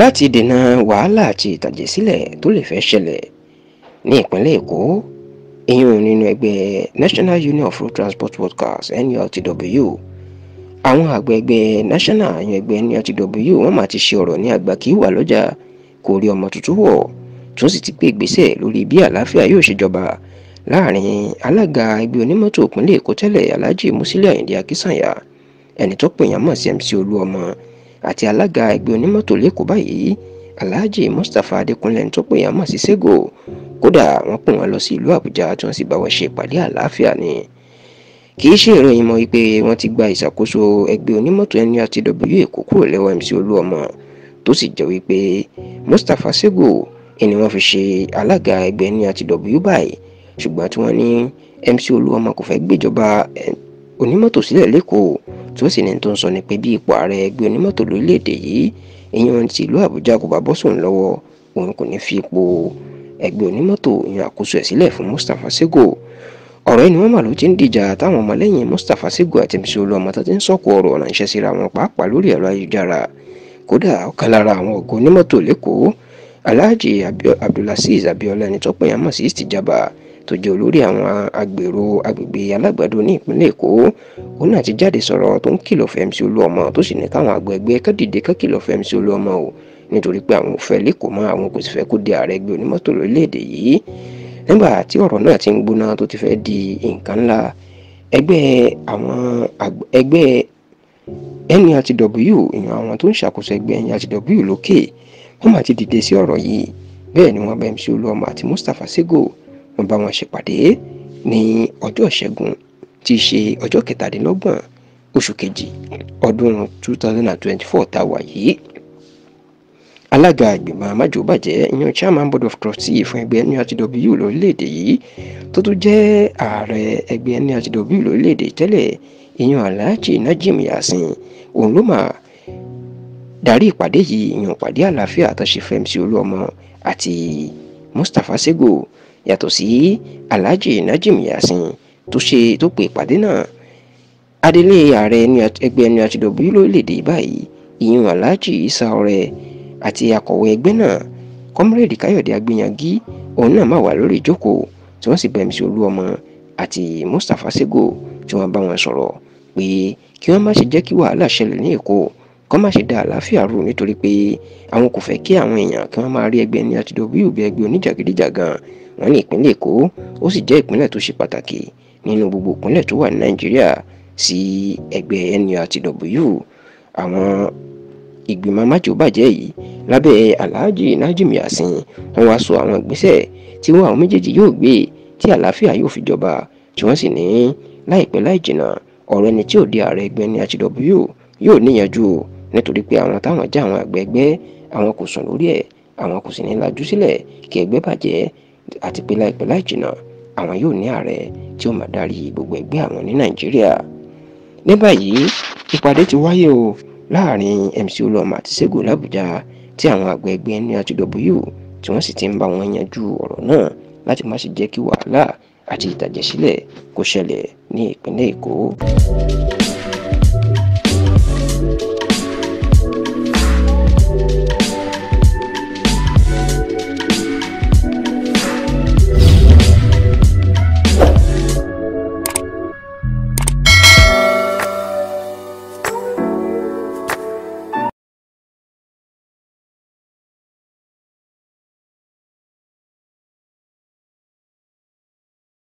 láti dènà wàhálà àti ìtàjẹ̀sílẹ̀ tó lè fẹ́ ṣẹlẹ̀ ní ìpínlẹ̀ Èkó ìyún nínú ẹgbẹ́ National Union of Road Transport Workers NURTW àwọn àgbẹ̀ ẹgbẹ́ national àyàn ẹgbẹ́ NURTW wọ́n máa ti ṣe ọ̀rọ̀ ní àgbà kí wà lọ́jà kò rí ọmọ tuntun wọ̀ tó sì ti gbé ìgbésẹ̀ lórí bí àlàáfíà yóò ṣèjọba láàrin alága ẹgbẹ́ onímọ́tò ìpínlẹ̀ Èkó tẹ́lẹ̀ Alhaji Musili Ayinde Akínsànyà ẹni tó pèèyàn mọ̀ sí MC Olúọmọ àti alága ẹgbẹ́ onímọ́tò lẹ́kọ̀ọ́ báyìí alhaji mustapha adékúnlé tó pè yàn mọ̀ sí sego kódà wọ́n pè wọ́n lọ sí ìlú àbújá tí wọ́n sì bá wọn ṣe ìpàdé àlàáfíà ni kì í ṣe ìròyìn mọ́ wípé wọ́n ti gba ìṣàkóso ẹgbẹ́ onímọ́tò nurtw èkó kúrò lẹ́wọ̀ mc olúọmọ tó sì jẹ́ wípé mustapha sego ẹni wọ́n fi ṣe alága ẹgbẹ́ nurtw báyìí ṣùgbọ́n tí wọ́n ní mc olúọmọ kò fẹ́ gbéjọba onímọ́tò sílẹ̀ lẹ́kọ̀ọ́ tí ó sì ní tó ń sọ ni pé bí ipò ààrẹ ẹgbẹ́ onímọ́tò lórílẹ̀‐èdè yìí ìyẹn ti ìlú Àbújá kò bá bọ́ sóun lọ́wọ́ òun kò ní fi ipò ẹgbẹ́ onímọ́tò ìyẹn àkóso ẹ̀ sílẹ̀ fún Mustapha Sego ọ̀rọ̀ yìí ni wọ́n mà ló ti ń dìjà táwọn ọmọlẹ́yìn Mustapha Sego àti MC Olúọmọ ti ń sọ̀kò ọ̀rọ̀ ránṣẹ́ síra wọn pàápàá lórí ẹ̀rọ ayélujára kódà ọ̀kan lára àwọn ọ̀gá onímọ́tò lẹ́kọ̀ọ́ Alhaji Abdulaziz Abiola ẹni tó pè é mọ̀ sí Istijaba tó jẹ́ olórí àwọn agbèrò agbègbè alágbàdo ní ìpínlẹ̀ èkó òun náà ti jáde sọ̀rọ̀ tó ń kìlọ̀ fún MC Olúọmọ tó sì ní káwọn àgbẹ̀ ẹgbẹ́ ká dìde ká kìlọ̀ fún MC Olúọmọ o nítorí pé àwọn ò fẹ́ lẹ́kọ̀ọ́ mọ́ àwọn kò sì fẹ́ kó di ààrẹ ẹgbẹ́ onímọ́tò lórílẹ̀‐èdè yìí nígbà tí ọ̀rọ̀ náà ti ń gbóná tó ti fẹ́ di nǹkan ńlá ẹgbẹ́ àwọn ẹgbẹ́ NURTW ìyàn àwọn tó ń ṣàkóso Sego mo bá wọn ṣèpàdé ní ọjọ́ ìṣẹ́gun tí í ṣe ọjọ́ kẹtàdínlọ́gbọ̀n oṣù kejì ọdún 2024 tá a wà yìí alága ìgbìmọ̀ amájòbàjẹ́ ìyẹn chairman board of trustee fún ẹgbẹ́ nurtw e lórílẹ̀‐èdè yìí tó tún jẹ́ ààrẹ ẹgbẹ́ nurtw e lórílẹ̀‐èdè tẹ́lẹ̀ ìyẹn alhaji najim yasin òun ló mà darí ìpàdé yìí ìyẹn ìpàdé àlàáfíà àtàṣe fmc olúọmọ àti mustapha sego yàtọ̀ sí Alhaji Najim Yasin tó ṣe tó pe ìpàdé náà adelé ààrẹ ẹgbẹ́ NURTW lórílẹ̀‐èdè báyìí ìyún Alhaji Isa Ọrẹ àti akọ̀wé ẹgbẹ́ náà kọ́mírẹ́dì Káyọ̀dé Agbéyangí òun náà máa wà lórí ìjókòó tí wọ́n sì bá MC Olúọmọ àti Mustapha Sego tí wọ́n bá wọn sọ̀rọ̀ pé kí wọ́n má ṣe jẹ́ kí wàhálà ṣẹlẹ̀ ní Èkó kọ́ má ṣe da àlàáfíà rú nítorí pé àwọn kò fẹ́ kí àwọn èèyàn kí wọ́n máa rí ẹgbẹ́ NURTW bí ẹgbẹ́ oníjàgídíjàgan wọ́n ní ìpínlẹ̀ èkó ó sì jẹ́ ìpínlẹ̀ tó ṣe pàtàkì nínú gbogbo ìpínlẹ̀ tó wà ní nàìjíríà sí ẹgbẹ́ nurtw àwọn ìgbìmọ̀ májòbàjẹ́ yìí lábẹ́ alhaji najim yasin wọ́n wá sọ àwọn ìgbésẹ̀ tí wọn àwọn méjèèjì yóò gbé tí àlàáfíà yóò fi jọba tí wọ́n sì ní láìpẹ́ láì jìnnà ọ̀rọ̀ ẹni tí ò di ààrẹ ẹgbẹ́ nurtw yóò níyanjú nítorí pé àwọn táwọn já àwọn àgbẹ̀ ẹgbẹ́ àwọn kò sùn lórí ẹ̀ àwọn kò sì ní lajú sílẹ̀ kí ẹgbẹ́ bàjẹ́ àti pé láìpẹ́ láì jìnnà àwọn yóò ní ààrẹ tí ó máa darí gbogbo ẹgbẹ́ àwọn ní nàìjíríà ní báyìí ìpàdé ti wáyé o láàrin MC Olúọmọ àti Ṣẹ́gun làbújá tí àwọn àgbẹ̀ ẹgbẹ́ NRTW tí wọ́n sì ti ń bá wọn yanjú ọ̀rọ̀ náà láti má ṣe jẹ́ kí wàhálà àti ìtàjẹ̀sílẹ̀ kó ṣẹlẹ̀ ní ìpínlẹ̀ Èkó.